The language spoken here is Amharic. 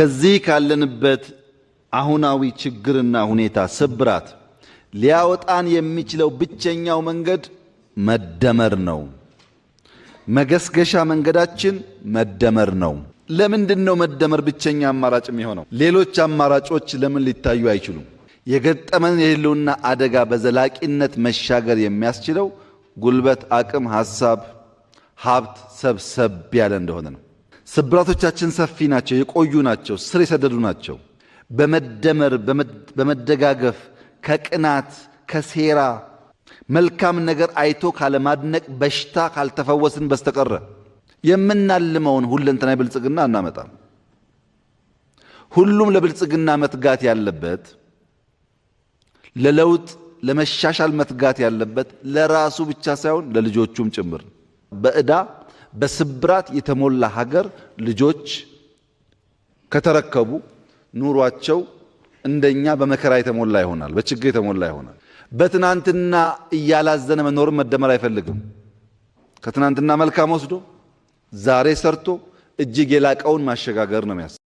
ከዚህ ካለንበት አሁናዊ ችግርና ሁኔታ ስብራት ሊያወጣን የሚችለው ብቸኛው መንገድ መደመር ነው። መገስገሻ መንገዳችን መደመር ነው። ለምንድን ነው መደመር ብቸኛ አማራጭ የሚሆነው? ሌሎች አማራጮች ለምን ሊታዩ አይችሉም? የገጠመን የህልውና አደጋ በዘላቂነት መሻገር የሚያስችለው ጉልበት፣ አቅም፣ ሀሳብ፣ ሀብት ሰብሰብ ያለ እንደሆነ ነው። ስብራቶቻችን ሰፊ ናቸው፣ የቆዩ ናቸው፣ ስር የሰደዱ ናቸው። በመደመር በመደጋገፍ ከቅናት ከሴራ መልካም ነገር አይቶ ካለማድነቅ በሽታ ካልተፈወስን በስተቀረ የምናልመውን ሁለንተናዊ ብልጽግና አናመጣም። ሁሉም ለብልጽግና መትጋት ያለበት ለለውጥ ለመሻሻል መትጋት ያለበት ለራሱ ብቻ ሳይሆን ለልጆቹም ጭምር በዕዳ በስብራት የተሞላ ሀገር ልጆች ከተረከቡ ኑሯቸው እንደኛ በመከራ የተሞላ ይሆናል፣ በችግር የተሞላ ይሆናል። በትናንትና እያላዘነ መኖርም መደመር አይፈልግም። ከትናንትና መልካም ወስዶ ዛሬ ሰርቶ እጅግ የላቀውን ማሸጋገር ነው የሚያስ